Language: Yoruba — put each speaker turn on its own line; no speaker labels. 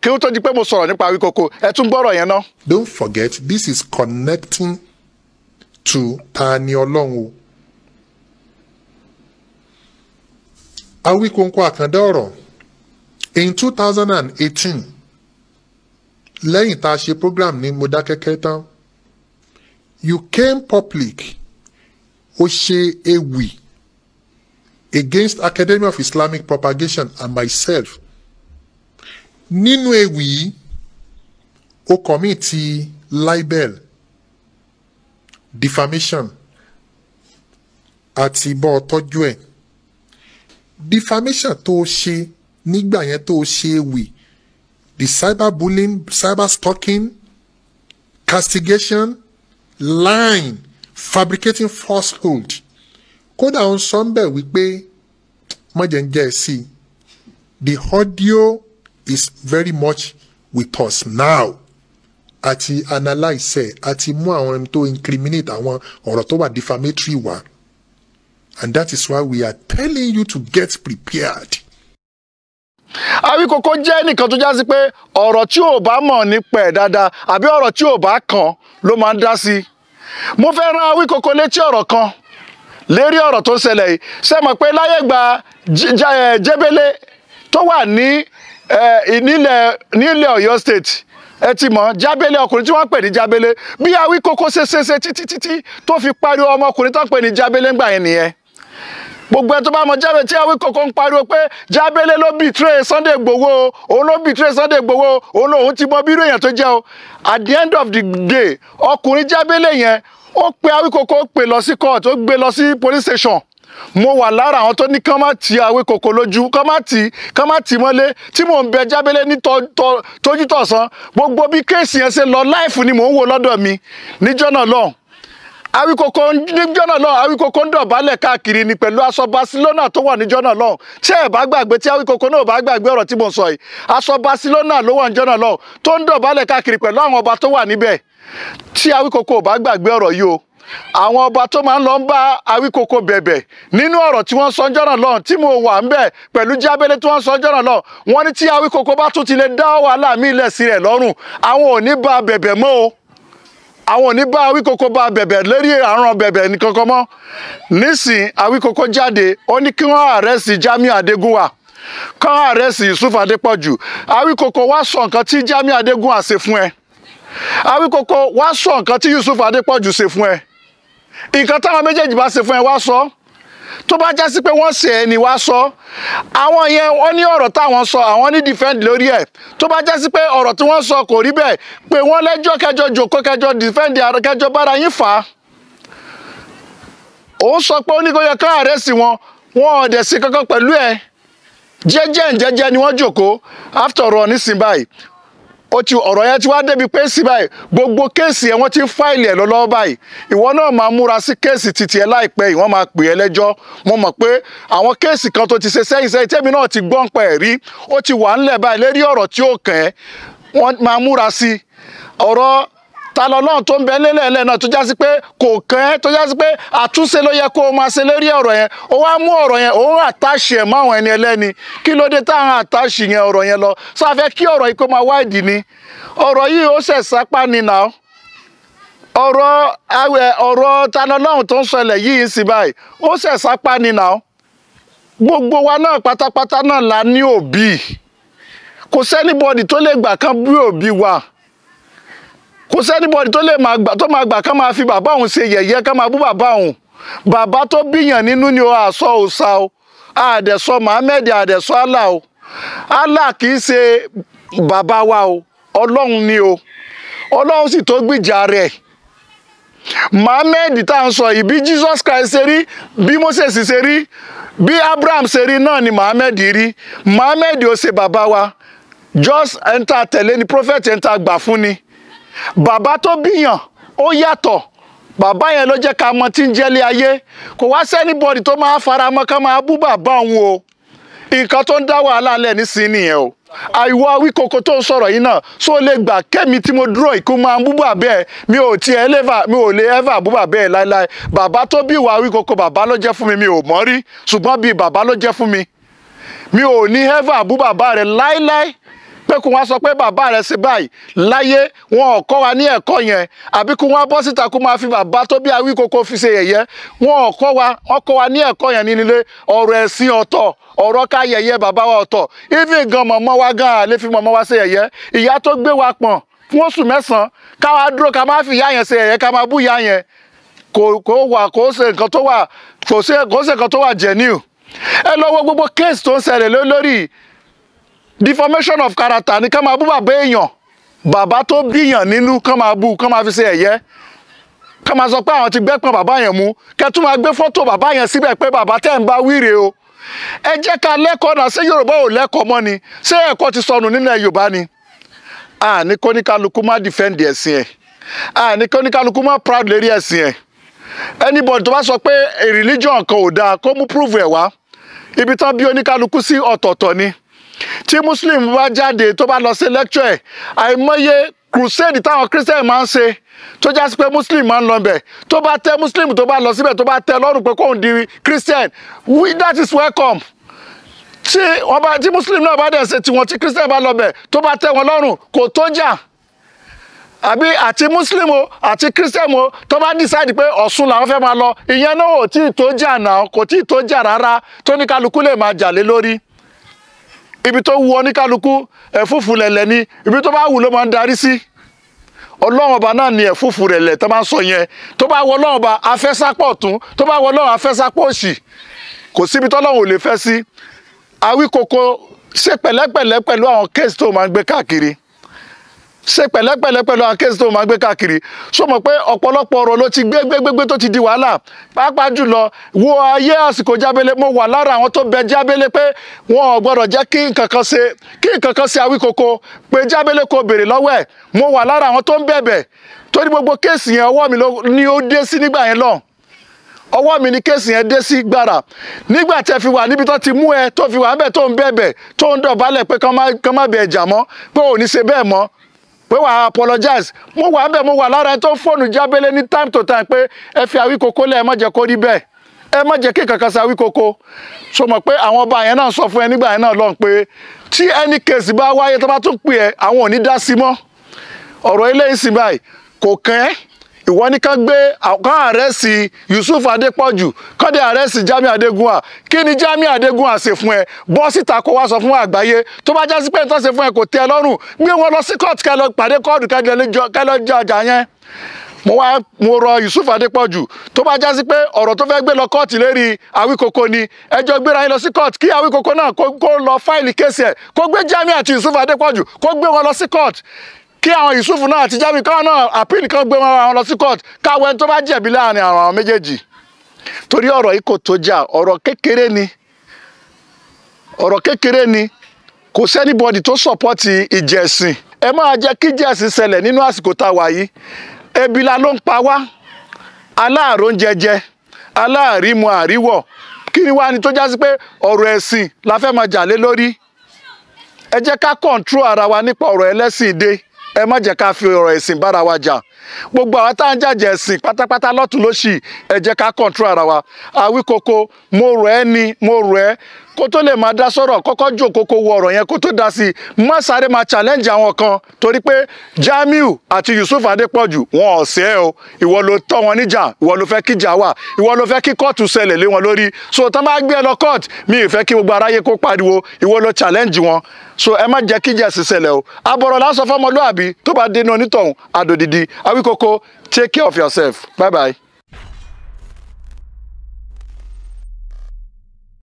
kí ó tó di pé mo sọ̀rọ̀ nípa awíkoko ẹ tún gbọ́rọ̀ yẹn ná. don't forget this is connecting to ta ni ọlọ́run o. awíkoko àkàndá ọ̀rọ̀ in two thousand and eighteen lẹ́yìn tá a ṣe program ní Modákẹ́kẹ́ tán you came public ó ṣe ewì against Academy of Islamic Propagation and myself nínú ewì yìí ó kọ̀mìtì libel defamation àti bọ́ tọ́jú ẹ̀ defamation tó o ṣe nígbà yẹn tó o ṣe ewì the cyberbullying cyberstalking castigation lying fabricating falsehood kódà ó ń sọ ń bẹ̀ wípé mọ̀jẹ̀ ń jẹ́ ẹ̀ sí i the audio is very much with us now àti analyse ẹ̀ àti mú àwọn ẹni tó incriminate àwọn ọ̀rọ̀ tó wà defamatory wá and that is why we are telling you to get prepared.
Awíkókó jẹ́ nìkan tó já sí pé ọ̀rọ̀ tí ò bá mọ̀ nípa ẹ̀ dáadáa àbí ọ̀rọ̀ tí ò bá kàn ló máa ń dá sí i mo fẹ́ rán Awíkókó létí ọ̀rọ̀ kan lérí ọ̀rọ̀ tó ń ṣẹlẹ̀ yìí ṣe mọ̀ pé láyé gba jẹ́bẹ́lẹ́ tó wà ní nílẹ̀ nílẹ̀ Ọ̀yọ́ state ẹ ti mọ̀ jábélé ọkùnrin tí wọ́n pè ní jábélé bí awí kókó ṣeṣeṣe títí títí tó fi pariwo ọmọkùnrin tó ń pè ní jábélé ńgbà yẹn nìyẹn gbogbo ẹ tó bá mọ jábélé tí awí kókó ń pariwo pé jábélé ló bìtíré Sunday Igboho òun ló bìtíré Sunday Igboho òun lòun ti mọ bírò èèyàn tó jẹ́ o at the end of the day ọkùnrin jábélé yẹn ó pe awí kókó ó pè lọ sí court ó gbé lọ sí police station mo wà lára àwọn tó ní kán má ti àwé kòkó lójú kán má ti kán má ti mọ́lé tí mò ń bẹ jábélé ní tójútọ̀sán gbogbo bí kéèsì yẹn ṣe lọ láìfù ni mò ń wò lọ́dọ̀ mi níjọ́ náà lọ́hùn awikoko níjọ́ náà lọ́hùn awikoko ń dọ̀bálẹ̀ káàkiri ni pẹ̀lú aṣọ Barcelona tó wà níjọ́ náà lọ́hùn tí ẹ̀ bá gbàgbé tí awikoko náà bá gbàgbé ọ̀rọ̀ tí mò ń sọ yìí aṣọ Barcelona ló wà níjọ́ náà lọ́hùn tó ń dọ̀bálẹ̀ káàkiri pẹ̀lú àwọn ọba tó wà níbẹ̀ tí awikoko bá gbàgbé ọ̀rọ̀ yìí o àwọn ọba tó máa ń lọ ń bá Awíkoko bẹ̀bẹ̀ nínú ọ̀rọ̀ tí wọ́n sọ jọ́nà lọ́hùn tí mo wà ń bẹ̀ pẹ̀lú jábẹ́lé tí wọ́n sọ jọ́nà lọ́hùn wọ́n ní tí Awíkoko bá tún ti lè dá wàhálà mí ilẹ̀ sí rẹ̀ lọ́rùn àwọn ò ní bá bẹ̀bẹ̀ mọ́ o àwọn ò ní bá Awíkoko bá bẹ̀bẹ̀ lórí àrùn bẹ̀bẹ̀ nìkankan mọ́ nísìn Awíkoko jáde ó ní kí wọ́n àrẹ́sì Jamiu Adégúnwà kán àrẹ́sì Yusuf Adépọ̀jù Awíkoko wá sọ nǹkan tí Jamiu Adégúnwà ṣe fún ẹ Awíkoko wá sọ nǹkan tí Yusuf Adépọ̀jù ṣe fún ẹ nǹkan táwọn méjèèjì bá ṣe fún ẹ wá sọ tó bá já sí pé wọ́n ṣe ẹni wá sọ àwọn yẹn wọ́n ní ọ̀rọ̀ táwọn sọ àwọn ní defend lórí ẹ̀ tó bá já sí pé ọ̀rọ̀ tí wọ́n sọ kò rí bẹ́ẹ̀ pé wọ́n lẹ́jọ́ kẹjọ jòkó kẹjọ defend kẹjọ bára yín fà á òun sọ pé ó ní kó yẹ ká àrẹ́sì wọn wọn ò dẹ̀ sí kankan pẹ̀lú ẹ̀ jẹ́jẹ́ ǹjẹ́jẹ́ ni wọ́n jòkó after all nísìnyí báyìí ó ti ọ̀rọ̀ yẹn ti wá débi pé sí báyìí gbogbo kéèsì ẹ̀ wọ́n ti fáìlì ẹ̀ lọ́lọ́wọ́ báyìí ìwọ náà máa múra sí kéèsì títì ẹ̀ láìpẹ́ yìí wọ́n máa pè ẹ́ lẹ́jọ́ mo mọ̀ pé àwọn kéèsì kan tó ti ṣe sẹ́yìn sẹ́yìn tẹ́mi náà ti gbọ́n pẹ̀ rí ó ti wà ńlẹ̀ báyìí lérí ọ̀rọ̀ tí ó kàn ẹ́ wọ́n máa múra sí ọ̀rọ̀ ta lọ́lọ́run tó ń bẹ lélẹ̀ẹ́lẹ̀ náà tó já pé kò kàn ẹ́ tó já pé àtúnṣe ló yẹ kó o máa ṣe lérí ọ̀rọ̀ yẹn ó wá mú ọ̀rọ̀ yẹn òun àtàṣì ẹ̀ máwọn ẹni ẹlẹ́ni kí ló dé táwọn àtàṣì yẹn ọ̀rọ̀ yẹn lọ sọ afẹ́ kí ọ̀rọ̀ yìí ni ọ̀rọ̀ yìí ó ṣẹ̀ sápá ọ̀rọ̀ tó ń yìí báyìí ó ṣẹ̀ sápá gbogbo wa kò sẹ́nibọ́dì tó lè máa gbà tó máa gbà ká máa fi bàbá òun ṣe yẹ̀yẹ́ ká máa bú bàbá òun bàbá tó bíyàn nínú ni ó àsọ òòṣà o àdẹ̀sọ Muhammed àdẹ̀sọ Allah o Allah kì í ṣe bàbá wa o ọlọ́run ni o ọlọ́run sì tó gbìjà rẹ̀ Muhammed tá à ń sọ yìí bí Jesus Christ ṣe rí bí Moses ṣe rí bí Abraham ṣe rí náà ni Muhammed rí Muhammed ó ṣe bàbá wa just ẹ̀ńtà tẹ̀lé ni prophet ẹ̀ńtà gbà fún ni. bàbá tó bíyàn ó yàtọ̀ bàbá yẹn ló jẹ́ ká mọ tí ń jẹ́lé ayé kò wá sẹ́nibọ́dì tó máa fara mọ́ ká máa bú bàbá òun o nǹkan tó ń dá wàhálà nísìnyí nìyẹn o àìwọ awíkoko tó ń sọ̀rọ̀ yìí náà só lè gbà kẹ́mi tí mo dúró ìkú máa búbà bẹ́ẹ̀ mi ò mi búbà bẹ́ẹ̀ láéláé bàbá tó bí ìwà bàbá ló pé kó wá sọ pé bàbá rẹ̀ ṣe báyìí láyé wọn ò kọ́ wa ní ẹ̀kọ́ yẹn àbí kó wá bọ́ síta kó máa fi bàbá tó bí awí koko fi ṣe yẹ̀yẹ́ wọn ò kọ́ wa wọn kọ́ wa ní ẹ̀kọ́ yẹn nílé ọ̀rọ̀ ẹ̀sìn ọ̀tọ̀ ọ̀rọ̀ ká yẹ̀yẹ́ bàbá wa ọ̀tọ̀ even gan mọ̀mọ́ wa gan àlè fi mọ̀mọ́ wa ṣe yẹ̀yẹ́ ìyá tó gbé wa pọ̀n fún oṣù mẹ́sàn-án káwa dúró ká má fi ìyá yẹn ṣe yẹ̀yẹ́ ká má bú ìyá yẹn kò kò wà kò ṣe nǹkan tó wà kò ṣe nǹkan tó wà genuine ẹ lọ wo gbogbo case tó ń ṣẹlẹ̀ lórí deformation of character ni ká máa bú bàbá èèyàn bàbá tó bíyàn nínú ká máa bú ká máa fi ṣe ẹ̀yẹ ká máa sọ pé àwọn ti gbẹ́pọ̀n bàbá yẹn mú kẹ́ máa gbé fọ́tò bàbá yẹn síbẹ̀ pé bàbá tẹ́ ń bá wíre o ẹ jẹ́ ká lẹ́kọ̀ọ́ náà ṣé yorùbá ò lẹ́kọ̀ọ́ mọ́ ni ṣé ẹ̀kọ́ ti sọnù nílẹ̀ yorùbá ni àní kóníkálukú má dìfẹ́ǹdì ẹ̀sìn ẹ̀ àní kóníkálukú má proud lérí ẹ̀sìn ẹ̀ anybody tó bá sọ pé religion kan ò dáa kó mú prove ẹ̀ wá ibi tán bí oníkálukú sí ọ̀tọ̀ọ̀tọ̀ ni tí muslim bá jáde tó bá lọ sí lecture ẹ̀ àìmọye crusade táwọn christian máa ń ṣe tó jásí pé muslim máa ń lọ bẹ̀ tó bá tẹ́ muslim tó bá lọ síbẹ̀ tó bá tẹ́ lọ́rùn pé kóun di christian we that is welcome tí wọ́n bá tí muslim náà bá dẹ̀ ṣe tiwọn tí christian bá lọ bẹ̀ tó bá tẹ́ wọn lọ́rùn kò tó jà àbí àti muslim o àti christian o tó bá decide pé ọ̀ṣun làwọn fẹ́ máa lọ ìyẹn náà ò tí ì tó jà náà kò tí ì tó jà rárá tó ní lè máa jà lé lórí ibi tó wù oníkálukú ẹ̀fúùfù lẹ̀lẹ̀ ni ibi tó bá wù ló máa ń darí sí ọlọ́run ọba náà ni ẹ̀fúùfù lẹ̀lẹ̀ tó máa ń sọ yẹn tó bá wọ ọlọ́run ọba afẹ́sápọ̀ ọ̀tún tó bá wọ ọlọ́run afẹ́sápọ̀ òsì kò síbi tọ́lọ́run ò lè fẹ́ sí awíkoko ṣe pẹ̀lẹ́pẹ̀lẹ́ pẹ̀lú àwọn kéèsì tó máa ń gbé káàkiri ṣe pẹ̀lẹ́pẹ̀lẹ́ pẹ̀lú àwọn kéésì tó máa gbé káàkiri ṣó mọ̀ pé ọ̀pọ̀lọpọ̀ ọ̀rọ̀ ló ti gbégbégbé tó ti di wàhálà pàápàá jùlọ wo ayé àsìkò jábélé mo wà lára àwọn tó bẹ jábélé pé wọn ò gbọdọ̀ jẹ́ kí nǹkan kan ṣe kí nǹkan kan ṣe àwíkoko pé jábélé kò béèrè lọ́wọ́ ẹ̀ mo wà lára àwọn tó ń bẹ̀bẹ̀ torí gbogbo kéésì yẹn ọwọ́ mi ni ó dé sí nígbà yẹn lọ́hùn ọwọ́ mi ni kéèsì yẹn dé sí gbàrà nígbà tẹ fi wà níbi tó ti mú ẹ tó fi wà ń bẹ̀ tó ń bẹ̀bẹ̀ tó ń dọ̀bálẹ̀ pé kán má bẹ̀ ẹ̀jà mọ́ pé ò ní ṣe bẹ́ẹ̀ mọ́ pé wàá apologize mo wà bẹ́ẹ̀ mo wà lára ẹni tó fóònù jábélé ní time to time pé ẹ fi Awíkoko koko ẹ má jẹ́ kó rí bẹ́ẹ̀ ẹ má jẹ́ kí kankan sa Awíkoko so mọ̀ pé àwọn ọba yẹn náà sọ fún ẹ nígbà yẹn náà lọ́n pé tí ẹni kèsì bá wáyé tó bá tún kò ìwọ ní ká gbé àkọ́ àrẹ́sì Yusuf Adépọ̀jù kọ́dẹ̀ àrẹ́sì Jami Adégúnwà kí ni Jami Adégúnwà ṣe fún ẹ bọ́ síta kó wá sọ fún àgbáyé tó bá já sí pé nǹkan ṣe fún ẹ kò tẹ́ ẹ lọ́rùn gbé wọn lọ sí kóòtù kẹlọ pàdé kóòtù kẹlọ jẹ ọjà yẹn mo wá mo rọ Yusuf Adépọ̀jù tó bá já sí pé ọ̀rọ̀ tó fẹ́ gbé lọ kóòtù lérí Awíkoko ni ẹjọ́ gbéra yín lọ sí kóòtù kí Awíkoko náà kó lọ fáìlì kéèsì ẹ̀ kó gbé Jami àti Yusuf Adépọ̀jù kó gbé wọn lọ sí kóòtù kí àwọn Yusuf náà àti Jamiu káwọn náà àpíìlì kan gbé wọn àwọn lọ sí court káwọn ẹni tó bá jẹ̀bi láàrin àwọn àwọn méjèèjì torí ọ̀rọ̀ yìí kò tó jà ọ̀rọ̀ kékeré ni ọ̀rọ̀ kékeré ni kò sẹ́nibọ́dì tó sọ̀pọ́tì ìjẹ̀sìn ẹ máa jẹ́ kí ìjẹ̀sìn ṣẹlẹ̀ nínú àsìkò tá a wà yìí ebìlà ló ń pa wá aláàrò ń jẹjẹ aláàrímu àríwọ̀ kí ni wá ni tó jásí pé ọ̀rọ̀ ẹ̀sìn la fẹ́ máa jà lé lórí ẹ jẹ́ ká kọ̀ǹtró ara wa nípa ọ̀rọ̀ ẹlẹ́sìn dé ẹ má jẹ́ ká fi ọ̀rọ̀ ẹ̀sìn bára wa jà gbogbo àwọn tá à ń jàjà ẹ̀sìn pátápátá lọ́tún lóṣì ẹ jẹ́ ká kọ̀ǹtró ara wa àwíkoko mo rọ̀ ẹ́ ni mo rọ̀ ẹ́ kó tó lè máa dá sọ̀rọ̀ kọ́kọ́ jókòó kó wo ọ̀rọ̀ yẹn kó tó dá sí i má sáré máa challenge àwọn kan torí pé Jamiu àti Yusuf Adépọ̀jù wọn ò ṣe é o ìwọ ló tọ́ wọn níjà ìwọ ló fẹ́ kíjà wà ìwọ ló fẹ́ kí kóòtù ṣẹlẹ̀ lé wọn lórí so tán bá gbé ẹ lọ kóòtù mi ì fẹ́ kí gbogbo aráyé kó pariwo ìwọ ló challenge wọn so ẹ má jẹ́ kíjà sì ṣẹlẹ̀ o àbọ̀rọ̀ lásán fọmọlúàbí tó bá dénú onítọ̀hún àdòdìdì awíkókó take care of yourself bye bye.